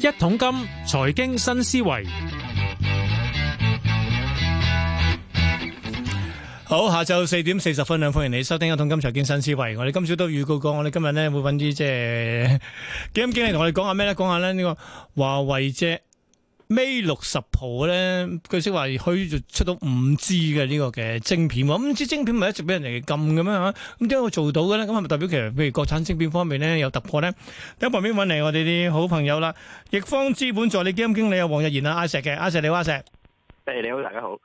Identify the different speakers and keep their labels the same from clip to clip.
Speaker 1: 一桶金財經新思維，好，下晝四點四十分，歡迎你收聽一桶金財經新思維。我哋今朝都預告過，我哋今日咧會搵啲即係基金經理同我哋講下咩咧，講下咧、這、呢個華為啫。Mate 六十號咧，據悉話佢就出到 5G 嘅呢個嘅晶片，5G 晶片咪一直俾人哋禁嘅咩吓？咁點解會做到嘅咧？咁係咪代表其實譬如國產晶片方面咧有突破咧？喺旁邊揾嚟我哋啲好朋友啦，易方資本助理基金經理啊王逸研啊阿石嘅，阿石你好阿石，誒，你好，hey，你好，大家好。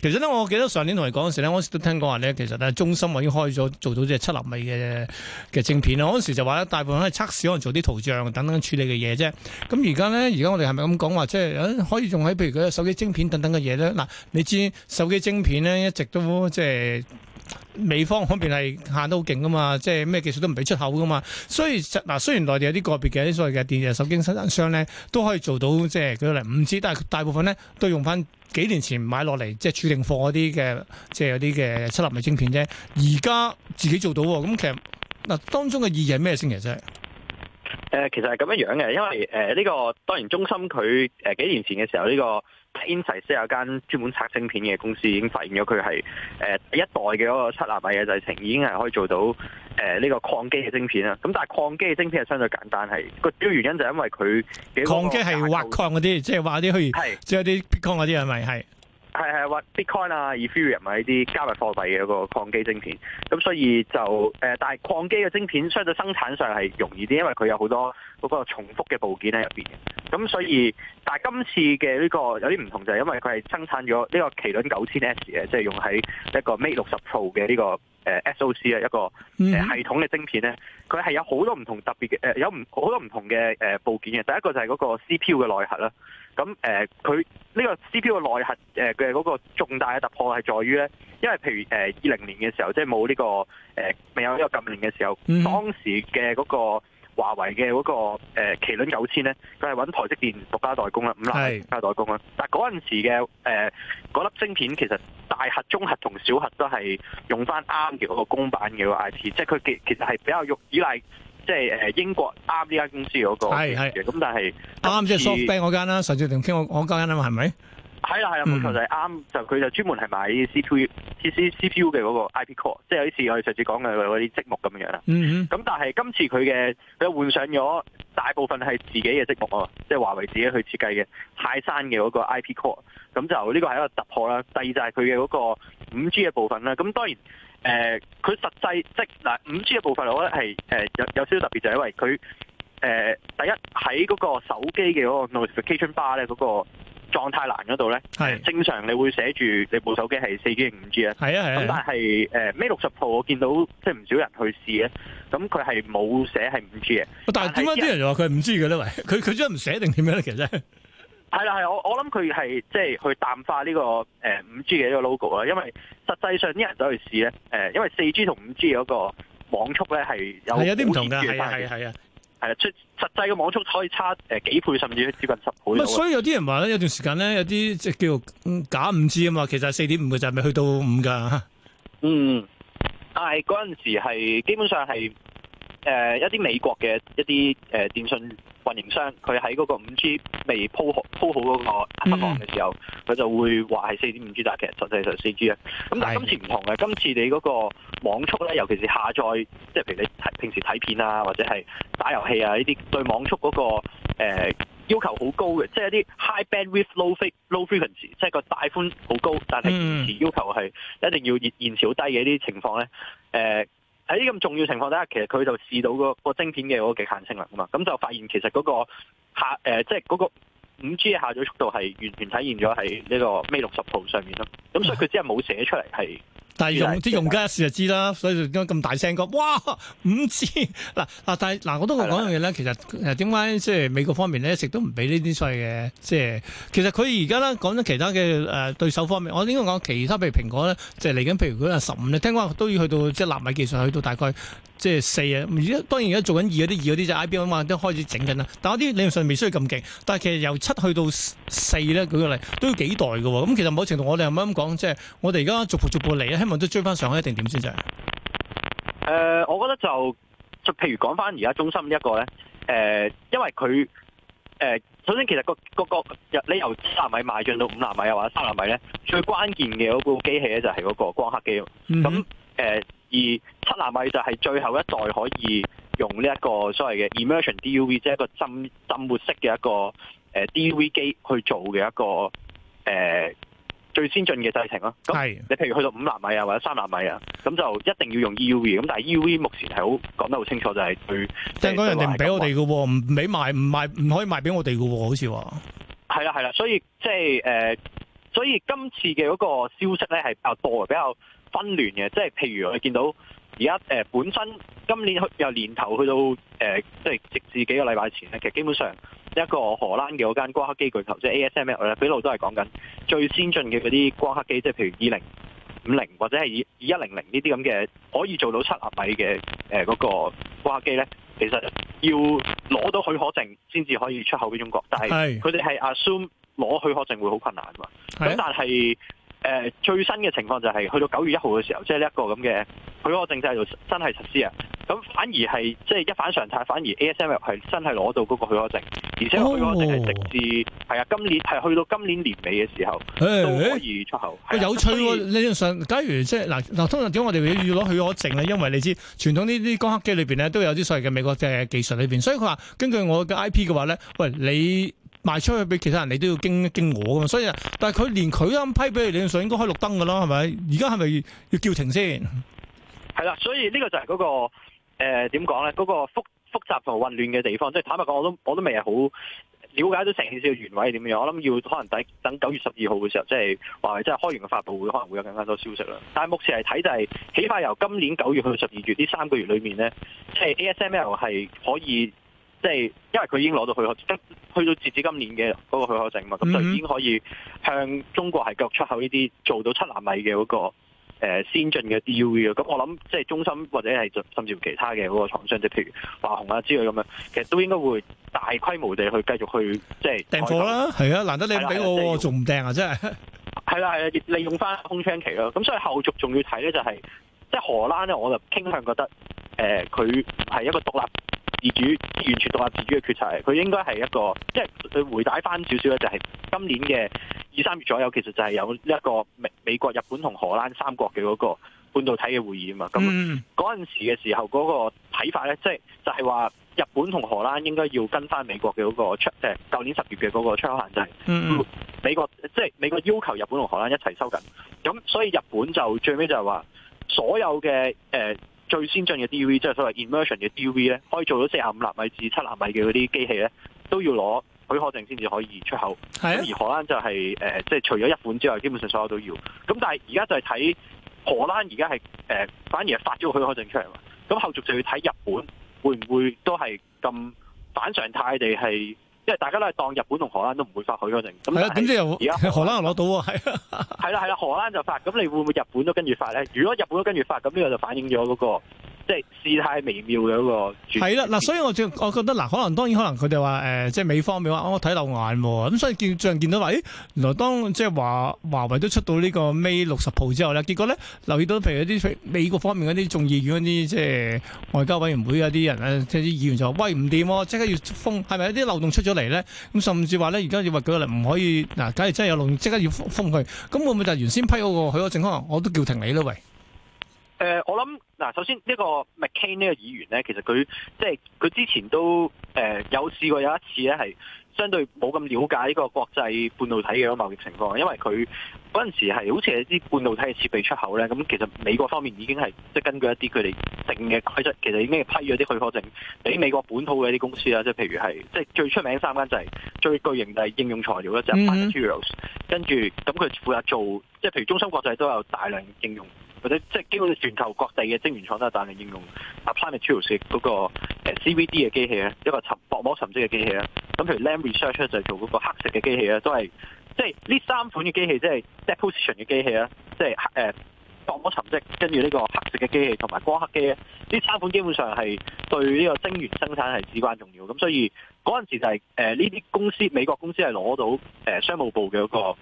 Speaker 1: 其實咧，我記得上年同你講嘅時咧，我時都聽講話咧，其實咧中心已經開咗，做到即係七納米嘅嘅晶片啦。我嗰時就話咧，大部分係測試可能做啲圖像等等處理嘅嘢啫。咁而家咧，而家我哋係咪咁講話，即係可以用喺譬如嗰手機晶片等等嘅嘢咧？嗱，你知手機晶片咧一直都即係美方嗰邊係限得好勁噶嘛，即係咩技術都唔俾出口噶嘛。所以實嗱，雖然內地有啲個別嘅所謂嘅電視、手機生產商咧，都可以做到即係舉例五 G，但係大,大部分咧都用翻。幾年前買落嚟即係儲定貨嗰啲嘅，即係有啲嘅七納米晶片啫。而家自己做到喎，咁其實嗱，當中嘅意義係咩性嘅啫？誒、呃，
Speaker 2: 其實係咁樣樣嘅，因為誒呢、呃這個當然中心佢誒、呃、幾年前嘅時候，呢、這個 Intel 有間專門拆晶片嘅公司，已經發現咗佢係誒一代嘅嗰個七納米嘅製程，已經係可以做到。誒呢、呃這個礦機嘅晶片啦，咁但係礦機嘅晶片係相對簡單，係個主要原因就係因為佢礦機係
Speaker 1: 挖礦嗰啲，即係挖啲虛擬，係即係啲 Bitcoin 嗰啲係咪係？
Speaker 2: 係係挖 Bitcoin 啊、Ethereum 咪呢啲加密貨幣嘅一個礦機晶片。咁所以就誒、呃，但係礦機嘅晶片相對生產上係容易啲，因為佢有好多嗰個重複嘅部件喺入邊嘅。咁所以，但係今次嘅呢個有啲唔同就係、是、因為佢係生產咗呢個麒麟九千 S 嘅，即係用喺一個 Mate 六十 Pro 嘅呢、這個。誒 SOC 啊，一個誒系統嘅晶片咧，佢係有好多唔同特別嘅誒，有唔好多唔同嘅誒部件嘅。第一個就係嗰個 CPU 嘅內核啦。咁誒，佢呢個 CPU 嘅內核誒嘅嗰個重大嘅突破係在於咧，因為譬如誒二零年嘅時候，即係冇呢個誒未有呢個禁令嘅時候，當時嘅嗰個。華為嘅嗰、那個、呃、麒麟九千咧，佢係揾台積電獨家代工啦，咁啦是，獨家代工啦。但係嗰陣時嘅誒嗰粒晶片，其實大核、中核同小核都係用翻啱嘅嗰個公版嘅 IP，即係佢其其實係比較依賴即係誒英國啱呢間公
Speaker 1: 司嗰個嘅是。咁但係啱即係 SoftBank 嗰間啦，實上次同傾我我間啊嘛，係咪？
Speaker 2: 係啦，係啦 Yeah ,、yeah, 嗯，冇錯就係啱，就佢就專門係買 C P U、C C C P U 嘅嗰個 IP core，即係好似我哋上次講嘅嗰啲積木咁樣啦。咁、嗯嗯、但係今次佢嘅佢換上咗大部分係自己嘅積木啊，即係華為自己去設計嘅泰山嘅嗰個 IP core。咁就呢個係一個突破啦。第二就係佢嘅嗰個五 G 嘅部分啦。咁當然誒，佢實際即係嗱五 G 嘅部分，呃呃、部分我覺得係誒、呃、有有少少特別，就係、是、因為佢誒、呃、第一喺嗰個手機嘅嗰個 notification bar 咧、那、嗰個。狀態欄嗰度咧，係正常你會寫住你部手機係四 G 定五 G 啊，係啊係，咁但係誒 Mate 六十 Pro 我見到即係唔少人去試咧，咁佢係冇寫係五 G 嘅。但
Speaker 1: 係點解啲人又話佢係五 G 嘅咧？喂，佢佢將唔寫定點樣咧？其實真
Speaker 2: 係係啦係，我我諗佢係即係去淡化呢個誒五、呃、G 嘅一個 logo 啦，呃，因為實際上啲人都去試咧，誒因為四 G 同五 G 嗰個網速咧係有有啲唔同嘅，係係啊。係啊，即實際嘅網速可以差誒、呃、幾倍，甚至接近十倍。所以
Speaker 1: 有啲人話咧，有段時間咧，有啲即係叫做假五 G 啊嘛，其實四點五個就係咪去到五噶？
Speaker 2: 嗯，但係嗰陣時係基本上係誒、呃、一啲美國嘅一啲誒、呃、電信。運營商佢喺嗰個五 G 未鋪好鋪好嗰個黑網嘅時候，佢就會話係四點五 G，但其實實際上四 G 啊。咁但係今次唔同嘅，今次你嗰個網速咧，尤其是下載，即係譬如你睇平時睇片啊，或者係打遊戲啊呢啲，對網速嗰個、那個、呃、要求好高嘅，即係一啲 high bandwidth low frequency，即係個帶寬好高，但係延遲要求係一定要延遲好低嘅呢啲情況咧，誒、呃。喺呢咁重要情況底下，其實佢就試到個個晶片嘅嗰個極限性能啊嘛，咁就發現其實嗰個下誒，即係嗰個五 G 嘅下載速度係完全體現咗喺呢個 Mate 60 Pro 上面咯，咁所以佢只係冇寫出嚟係。
Speaker 1: 但係用啲的用家一試就知啦，的所以就點解咁大聲講？哇，五 G 嗱嗱，但係嗱的我都講樣嘢咧，其實點解即係美國方面咧一直都唔俾呢啲所謂嘅即係，其實佢而家咧講咗其他嘅誒、呃、對手方面，我應該講其他譬如蘋果咧，即係嚟、是、緊譬如佢話十五咧，聽講都要去到即係、就是、納米技術去到大概。即係四啊！而家當然而家做緊二嗰啲，二嗰啲就 IBM 都開始整緊啦。但係啲理論上未需要咁勁。但係其實由七去到四咧，舉個例都要幾代嘅喎。咁其實某程度我哋係咪咁講？即係我哋而家逐步逐步嚟，希望都追翻上去一定點先？就係
Speaker 2: 誒，我覺得就，就譬如講翻而家中心一個咧，誒、呃，因為佢誒、呃、首先其實、嗰個、嗰個個你由三納米賣進到五納米啊，或者三納米咧，最關鍵嘅嗰部機器咧就係嗰個光刻機。咁誒、嗯哼。而七納米就係最後一代可以用呢一個所謂嘅 Immersion DUV，即係一個浸浸沒式嘅一個誒 DUV 機去做嘅一個誒最先進嘅製程咯。咁係你譬如去到五納米啊，或者三納米啊，咁就一定要用 EUV。咁但係、e、EUV 目前係好講得好清楚，就係佢
Speaker 1: 即係人哋唔俾我哋嘅喎，唔俾賣，唔賣，唔可以賣俾我哋嘅喎，好似話
Speaker 2: 係啦係啦。所以即係誒，所以今次嘅嗰個消息咧係比較多嘅，比較。分亂嘅，即係譬如我哋見到而家，誒、呃、本身今年又年頭去到，誒即係直至幾個禮拜前咧，其實基本上一個荷蘭嘅嗰間光刻機巨頭，即係 ASML，我、啊、哋畀路都係講緊最先進嘅嗰啲光刻機，即係譬如二零、五零或者係二二一零零呢啲咁嘅，可以做到七合米嘅誒嗰個光刻機咧，其實要攞到許可證先至可以出口俾中國，但係佢哋係 assume 攞許可證會好困難嘛，咁但係。誒最新嘅情況就係、是、去到九月一號嘅時候，即係呢一個咁嘅許可證制度真係實施啊！咁反而係即係一反常態，反而 ASML 係真係攞到嗰個許可證，而且許可證係直至係啊、哦，今年係去到今年年尾嘅時候
Speaker 1: 都可以出口。有趣喎、啊！理論上，假如即係嗱嗱，通常點解我哋要攞許可證咧？因為你知傳統呢啲光刻機裏邊咧都有啲所謂嘅美國嘅技術裏邊，所以佢話根據我嘅 IP 嘅話咧，喂你。賣出去俾其他人，你都要經經我噶嘛，所以，但係佢連佢啱批俾你，理論上應該開綠燈噶咯，係咪？而家係咪要叫停先？
Speaker 2: 係啦，所以呢個就係嗰、嗰個誒點講咧，嗰、呃嗰個複複雜同混亂嘅地方。即係坦白講，我都我都未係好了解到成件事嘅原委係點樣。我諗要可能等等九月十二號嘅時候，即係話即係開完個發布會，可能會有更加多消息啦。但係目前係睇就係、是、起碼由今年九月去到十二月呢三個月裏面咧，即係 ASML 係可以。即係，因為佢已經攞到許可，即去到截止今年嘅嗰個許可證啊嘛，咁就、嗯、已經可以向中國係繼續出口呢啲做到七納米嘅嗰個誒先進嘅 DUV 啊。咁我諗，即係中芯或者係甚至乎其他嘅嗰個廠商，即譬如華虹啊之類咁樣，其實都應該會大規模地去繼續去即係訂貨啦。
Speaker 1: 係啊口，難得你俾我，仲唔訂啊？真係
Speaker 2: 係啦，係啊， 利用翻空窗期咯。咁所以後續仲要睇咧、就是，就係即係荷蘭咧，我就傾向覺得誒，佢、呃、係一個獨立。業主，完全獨立自主嘅決策佢應該係一個，即係佢回帶翻少少咧，就係、是、今年嘅二三月左右，其實就係有一個美美國、日本同荷蘭三國嘅嗰個半導體嘅會議啊嘛，咁嗰陣時嘅時候嗰個睇法咧，即係就係、是、話日本同荷蘭應該要跟翻美國嘅嗰、那個出，即係舊年十月嘅嗰個出口限制，
Speaker 3: 就是、
Speaker 2: 美國即係、就是、美國要求日本同荷蘭一齊收緊，咁所以日本就最尾就係話所有嘅誒。呃最先進嘅 D.V. 即係所謂 immersion 嘅 D.V. 咧，可以做到四十五納米至七納米嘅嗰啲機器咧，都要攞許可證先至可以出口。係、啊、而荷蘭就係、是、誒，即、呃、係、就是、除咗日本之外，基本上所有都要。咁但係而家就係睇荷蘭而家係誒，反而發咗許可證出嚟嘛。咁後續就要睇日本會唔會都係咁反常態地係。即係大家都係當日本同荷蘭都唔會發佢嗰陣，係啊，點知又而家荷蘭又攞到啊？係 啦，係啦，荷蘭就發，咁你會唔會日本都跟住發咧？如果日本都跟住發，咁呢個就反映咗嗰、嗰個。即係事態微
Speaker 1: 妙嘅一個，係啦，嗱，所以我我覺得嗱，可能當然可能佢哋話誒，即係美方面話，我睇、哦、漏眼咁、哦嗯，所以見最近見到話、欸，原來當即係華華為都出到呢個 Mate 六十 Pro 之後咧，結果咧留意到，譬如啲美國方面嗰啲眾議院嗰啲即係外交委員會啊啲人啊，即係啲議員就話喂，唔掂，即、哦、刻要封，係咪一啲漏洞出咗嚟咧？咁甚至話咧，而家要話佢唔可以嗱，假、啊、如真係有漏洞，即刻要封佢，咁會唔會就係原先批嗰個許可證可能我都叫停你咧？喂！
Speaker 2: 誒，我諗嗱，首先呢個 McCain 呢個議員咧，其實佢即係佢之前都誒有試過有一次咧，係相對冇咁了解呢個國際半導體嘅嗰個貿易情況，因為佢，嗰陣時係好似係啲半導體嘅設備出口咧，咁其實美國方面已經係即係根據一啲佢哋定嘅規則，其實已經批咗啲許可證俾美國本土嘅一啲公司啦，即係譬如係即係最出名三間就係、是、最巨型嘅應用材料啦，就係 Applied Materials，跟住咁佢負責做，即係譬如中芯國際都有大量應用，或者即係基本全球各地嘅晶圓廠都有大量應用。Applied Materials 嗰個 CVD 嘅機器咧，一個薄膜沉積嘅機器咧，咁譬如 Lam Research 就係做嗰個黑色嘅機器咧，都係。即係呢三款嘅機器，即係 deposition 嘅機器咧，即係黑誒薄膜沉積，跟住呢個黑色嘅機器同埋光刻機咧，呢三款基本上係對呢個晶圓生產係至關重要。咁所以嗰陣時就係誒呢啲公司美國公司係攞到誒、呃、商務部嘅嗰個誒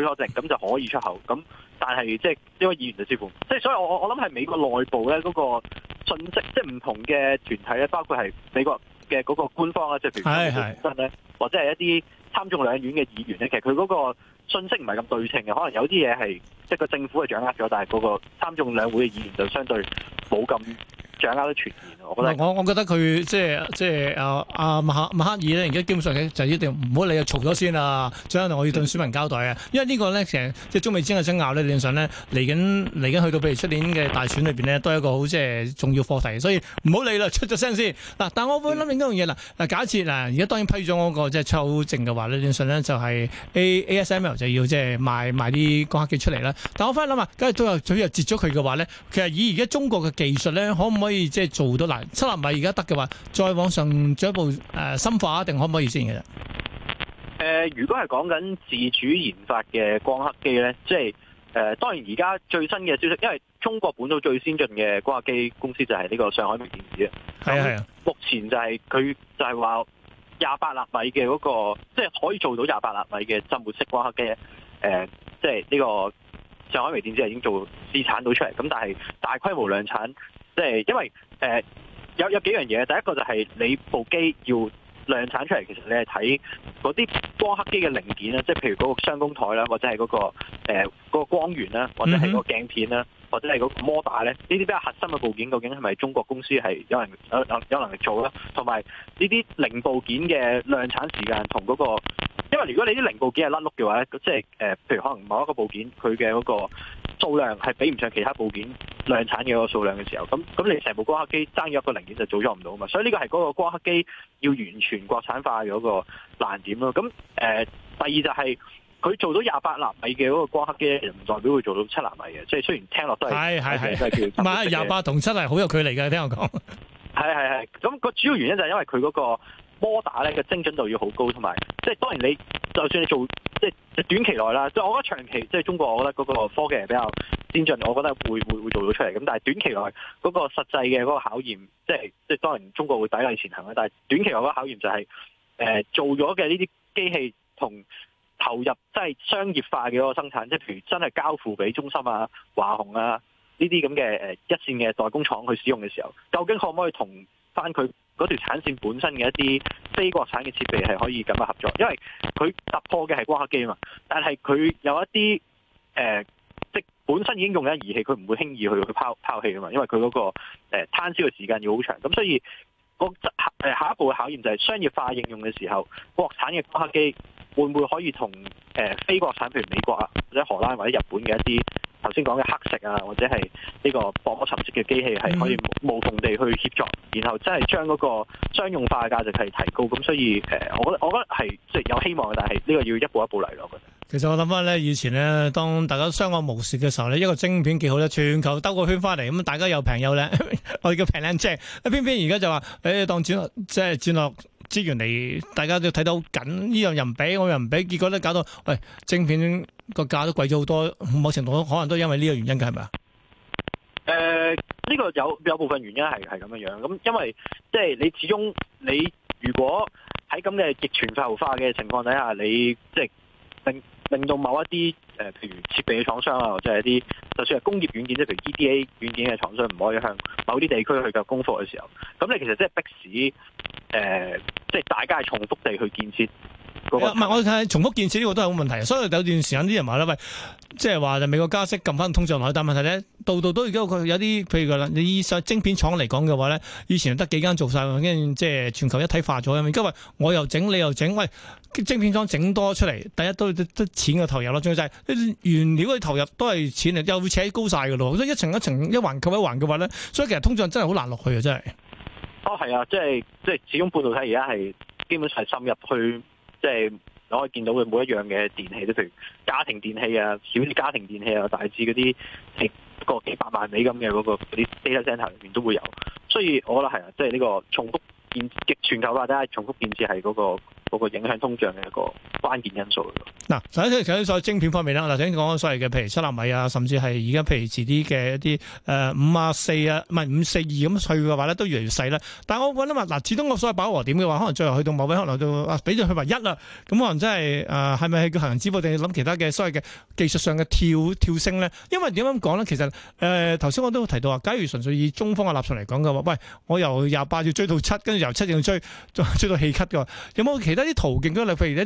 Speaker 2: 許可證，咁就可以出口。咁但係即係呢個議員就資本，即係所以我我我諗係美國內部咧嗰、那個信息，即係唔同嘅團體咧，包括係美國嘅嗰個官方啊，即係譬如咧，是是或者係一啲。參眾兩院嘅議員咧，其實佢嗰個信息唔係咁對稱嘅，可能有啲嘢係即係個政府係掌握咗，但係嗰個參眾兩會嘅議員就相對冇咁掌
Speaker 1: 握得全，我覺得。嗱，我我覺得佢即係即係啊啊，麥麥克爾咧，而家基本上就一定唔好理啊，嘈咗先啊！最後我要對選民交代啊，因為呢個咧成日即係中美之間嘅爭拗咧，理論上咧嚟緊嚟緊去到譬如出年嘅大選裏邊咧，都係一個好即係重要課題，所以唔好理啦，出咗聲先。嗱，但我會諗另一樣嘢啦。嗱，假設嗱，而家當然批咗嗰個即係修正嘅話咧，理論上咧就係 A S M L 就要即係賣賣啲光刻機出嚟啦。但我翻嚟諗啊，梗係都有，假如截咗佢嘅話咧，其實以而家中國嘅技術咧，可唔可以？可以即係做到嗱七納米而家得嘅話，再往上進一步誒、呃、深化，一定可唔可以先嘅？誒、
Speaker 2: 呃，如果係講緊自主研發嘅光刻機咧，即係誒，當然而家最新嘅消息，因為中國本土最先進嘅光刻機公司就係呢個上海微電子啊。
Speaker 3: 係啊，
Speaker 2: 目前就係、是、佢就係話廿八納米嘅嗰、那個，即、就、係、是、可以做到廿八納米嘅浸沒式光刻機，誒、呃，即係呢個上海微電子係已經做試產到出嚟，咁但係大規模量產。.即係因為誒、呃、有有幾樣嘢，第一個就係你部機要量產出嚟，其實你係睇嗰啲光刻機嘅零件啦，即係譬如嗰個雙工台啦，或者係嗰、那個誒、呃那個、光源啦，或者係嗰個鏡片啦，或者係嗰個摩打咧，呢啲比較核心嘅部件，究竟係咪中國公司係有人有有，有能力做啦？同埋呢啲零部件嘅量產時間同嗰、那個，因為如果你啲零部件係甩碌嘅話咧，即係誒、呃，譬如可能某一個部件佢嘅嗰個數量係比唔上其他部件。量產嘅嗰個數量嘅時候，咁咁你成部光刻機爭咗一個零件就組裝唔到啊嘛，所以呢個係嗰個光刻機要完全國產化嘅嗰個難點咯。咁誒、呃，第二就係、是、佢做到廿八納米嘅嗰個光刻機，唔代表會做到七納米嘅，即係雖然聽落都係係係係都唔係廿八
Speaker 1: 同七係好有距離嘅，聽我講
Speaker 2: 係係係。咁、 嗰個主要原因就係因為佢嗰、嗰個。摩打嘅精準度要好高，同埋即係當然你就算你做即係、就是、短期內啦，即、就、係、是、我覺得長期即係、就是、中國我覺得嗰個科技係比較先進，我覺得會會會做到出嚟咁。但係短期內嗰、那個實際嘅嗰個考驗，即係即係當然中國會砥礪前行啦。但係短期內嗰個考驗就係、是、誒、呃、做咗嘅呢啲機器同投入即係、就是、商業化嘅嗰個生產，即、就、係、是、譬如真係交付俾中芯啊、華虹啊呢啲咁嘅誒一綫嘅代工廠去使用嘅時候，究竟可唔可以同翻佢？嗰條產線本身嘅一啲非國產嘅設備係可以咁樣合作，因為佢突破嘅係光刻機啊嘛。但係佢有一啲誒、呃，即本身已經用緊儀器，佢唔會輕易去去拋拋棄啊嘛。因為佢嗰、那個誒、呃、攤銷嘅時間要好長，咁所以個下一步嘅考驗就係商業化應用嘅時候，國產嘅光刻機會唔會可以同誒、呃、非國產，譬如美國啊或者荷蘭或者日本嘅一啲？頭先講嘅黑色啊，或者係呢個薄膜沉積嘅機器係可以無縫、嗯、地去協助，然後真係將嗰個商用化嘅價值係提高。咁所以誒、呃，我覺得我覺得係即係有希望嘅，但係呢個要一步一步嚟咯。我覺得
Speaker 1: 其實我諗翻咧，以前咧，當大家相安無事嘅時候咧，一個晶片幾好啦，全球兜個圈翻嚟，咁大家又平又靚， 我哋叫平靚正。一偏偏而家就話，誒、欸、當轉即係轉落。資源嚟，大家都睇到好緊，呢樣又唔俾，我又唔俾，結果咧搞到，喂，晶片個價都貴咗好多，某程度可能都因為呢個原因嘅係咪啊？
Speaker 2: 誒，呢個有有部分原因係係咁樣樣，咁因為即係你始終你如果喺咁嘅極全球化嘅情況底下，你即係令令到某一啲。誒，譬如設備嘅廠商啊，或者係一啲，就算係工業軟件，即係譬如 EDA 軟件嘅廠商，唔可以向某啲地區去購供貨嘅時候，咁你其實即係迫使誒，即、呃、係、即係、大家係重複地去建設。
Speaker 1: 唔係，vre 資深我睇重複建設呢個都係冇問題，所以有段時間啲人話咧，喂，即係話就是、美國加息撳翻通脹落去，但問題咧，度度都而家有啲，譬如個啦，你依索晶片廠嚟講嘅話咧，以前得幾間做晒，跟住即係全球一體化咗，因為我又整你又整，喂、欸，晶片廠整多出嚟，第一都都錢嘅投入就咯，最就係原料嘅投入都係錢又會扯高晒嘅咯，所以一層一層一環扣一環嘅話咧，所以其實通脹真係好難落去嘅真
Speaker 2: 係。哦，係啊，即係即係，始終半導體而家係基本上係深入去。即係你可以見到嘅每一樣嘅電器都，譬如家庭電器啊、小啲家庭電器啊、大致嗰啲係個幾百萬美金嘅嗰啲 data center 入面都會有，所以我覺得係啊，即係呢個重複建設全球化，大家重複建設係嗰個。嗰個影響通脹
Speaker 1: 嘅一個關鍵因素嗱，首先講咗在晶片方面啦。嗱，頭先講所謂嘅，譬如七納米啊，甚至係而家譬如遲啲嘅一啲誒五啊四啊，唔係五四二咁去嘅話咧，都越嚟越細啦。但係我覺得話，嗱，始終我所謂飽和點嘅話，可能最後去到某啲可能到啊，畀咗佢話一啊，咁可能真係誒係咪係叫行人止步，定係諗其他嘅所謂嘅技術上嘅跳跳升咧？因為點樣講咧，其實誒頭先我都提到話，假如純粹以中方嘅立場嚟講嘅話，喂，我由廿八要追到七，跟住由七要追追到氣咳嘅，有冇其他？一啲途徑，佢例譬如一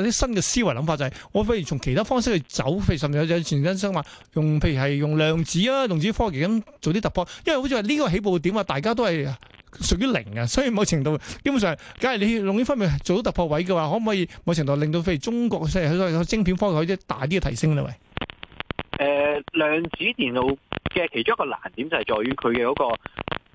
Speaker 1: 啲新嘅思維諗法，就係、是、我譬如從其他方式去走，譬如甚至有有全生身話用，譬如係用量子啊，量子科技咁做啲突破，因為好似話呢個起步點啊，大家都係屬於零啊，所以某程度基本上，梗係你用呢方面做到突破位嘅話，可唔可以某程度令到譬如中國嘅即係喺嗰個晶片科技有啲大啲嘅提升咧？喂，
Speaker 2: 誒，量子電腦嘅其中一個難點就係在於佢嘅嗰個。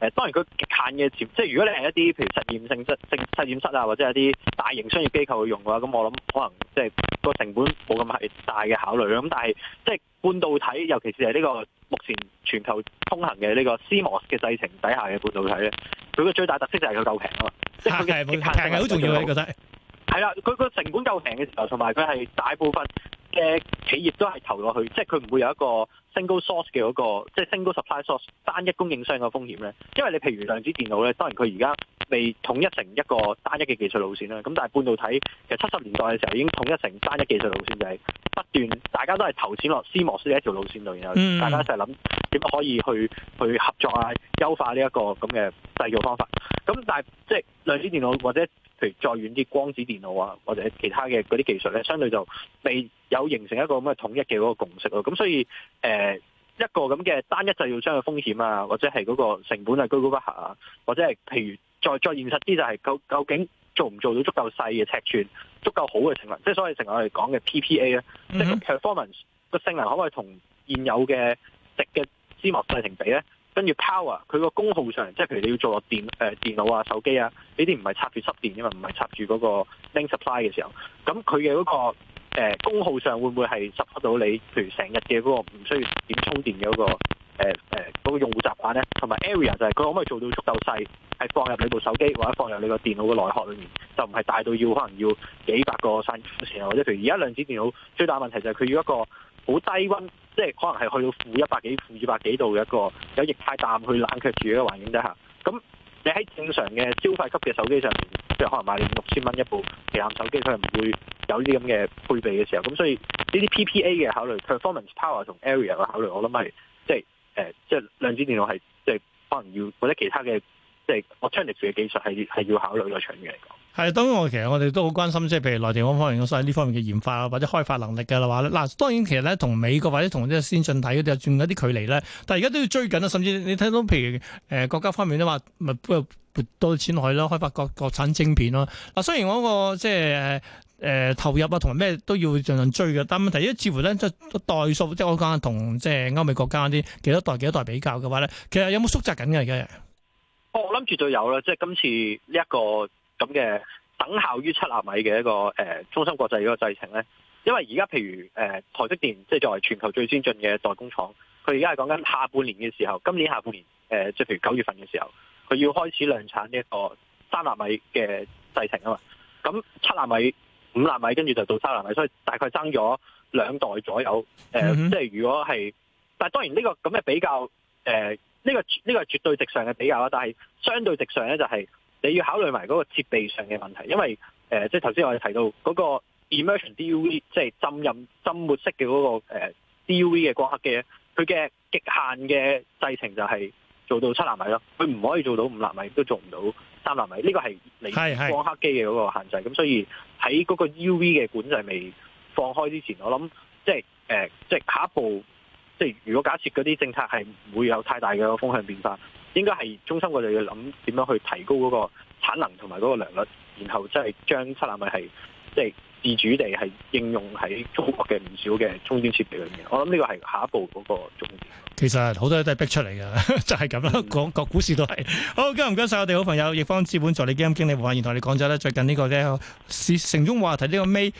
Speaker 2: 誒，當然佢極限嘅潛，即係如果你係一啲譬如實驗性質性實驗室啊，或者一啲大型商業機構去用嘅話，咁我諗可能即係個成本冇咁係大嘅考慮啦。咁但係即係半導體，尤其是係呢個目前全球通行嘅呢個 CMOS 嘅製程底下嘅半導體咧，佢個最大特色就係佢夠平啊嘛，即係佢嘅極
Speaker 3: 限係好重要嘅，我覺
Speaker 2: 得係啦，佢個成本夠平嘅時候，同埋佢係大部分。企業都係投落去，即係佢唔會有一個 single source 嘅嗰、那個，即、就、係、是、single supply source 單一供應商嘅風險呢，因為你譬如量子電腦呢，當然佢而家未統一成一個單一嘅技術路線啦。咁但係半導體其實七十年代嘅時候已經統一成單一技術路線，就係、是、不斷大家都係投錢落 CMOS 呢一條路線度，然後大家一齊諗點樣可以去去合作啊，優化呢一個咁嘅製造方法。咁但係即係量子電腦或者。再遠啲光子電腦啊，或者其他嘅嗰啲技術咧，相對就未有形成一個咁嘅統一嘅嗰個共識咯。咁所以誒、呃、一個咁嘅單一製造商嘅風險啊，或者係嗰個成本啊居高不下啊，或者係譬如再再現實啲就係，究究竟做唔做到足夠細嘅尺寸，足夠好嘅性能，即係所謂成日我哋講嘅 PPA 咧，即係 performance 個性能可唔可以同現有嘅直嘅芝麻製程比咧？跟住 power，佢個功耗上，即係譬如你要做落電誒、呃、電腦啊、手機啊呢啲，唔係插住濕電嘅嘛，唔係插住嗰個 link supply 嘅時候，咁佢嘅嗰個、呃、功耗上會唔會係符合到你？譬如成日嘅嗰個唔需要點充電嘅、嗰個誒誒嗰個用戶習慣咧，同埋 area 就係佢可唔可以做到足夠細，係放入你部手機或者放入你個電腦嘅內殼裏面，就唔係大到要可能要幾百個細嘅時候，或者譬如而家量子電腦最大問題就係佢要一個。好低溫，即係可能係去到負一百幾、負二百幾度嘅一個有液態氮去冷卻住嘅環境底下，咁你喺正常嘅消費級嘅手機上面，即係可能買你六千蚊一部旗艦手機，佢係唔會有呢啲咁嘅配備嘅時候，咁所以呢啲 PPA 嘅考慮 ，Performance Power 同 Area 嘅考慮，我諗係即係誒，即係量子電腦係即係可能要或者其他嘅。即係 alternative 嘅技
Speaker 1: 術係係要考慮嘅，長遠嚟講係當然。我其實我哋都好關心，即係譬如內地方方面嘅，喺呢方面嘅研發啊，或者開發能力嘅話咧，嗱當然其實咧同美國或者同啲先進體嘅就存在一啲距離咧。但係而家都要追緊啊，甚至你睇到譬如誒、呃、國家方面都話咪撥多錢落去咯，開發國國產晶片咯嗱。雖然我、嗰個即係誒投入啊同埋咩都要盡量追嘅，但係問題似乎咧即係代數即係我講下同即係歐美國家啲幾多代幾多代比較嘅話咧，其實有冇縮窄緊嘅而家？
Speaker 2: 我諗住就有啦，即係今次呢一個咁嘅等效於七納米嘅一個誒、呃、中心國際嗰個製程咧，因為而家譬如誒、呃、台積電，即係作為全球最先進嘅代工廠，佢而家係講緊下半年嘅時候，今年下半年誒、呃，即係譬如九月份嘅時候，佢要開始量產一個三納米嘅製程啊嘛。咁七納米、五納米，跟住就到三納米，所以大概增咗兩代左右。誒、呃，即係如果係，但係當然呢個咁嘅比較誒。呃呢、這個呢、這個絕對值上嘅比較啦，但係相對值上咧，就係你要考慮埋嗰個設備上嘅問題，因為誒、呃，即係頭先我哋提到嗰、那個 immersion DUV，即係浸入浸沒式嘅嗰、那個 DUV 嘅、呃、光刻機，佢嘅極限嘅製程就係做到七納米咯，佢唔可以做到五納米，都做唔到三納米，呢個係你光刻機嘅嗰個限制。咁所以喺嗰個 U V 嘅管制未放開之前，我諗即係誒，即係、呃、下一步。即係如果假設嗰啲政策係唔會有太大嘅風向變化，應該係中心，我哋要諗點樣去提高嗰個產能同埋嗰個良率，然後即係將七納米係即係。就是自主地係應用喺中國嘅唔少嘅充電設備裏面，我諗呢個係下一步嗰個重點。
Speaker 1: 其實好多嘢都係逼出嚟嘅， 就係咁啦。講個、嗯、股市都係好，今日唔該晒我哋好朋友易方資本助理基金經理王逸研同你講咗咧。最近個呢個咧市城中話題呢、呢個 Mate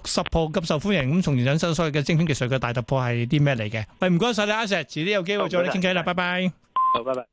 Speaker 1: 60 Pro 極受歡迎咁，從而引出所有嘅晶片技術嘅大突破係啲咩嚟嘅？唔該晒你阿石，遲啲有機會再傾偈啦，謝謝拜拜。好，
Speaker 3: 拜拜。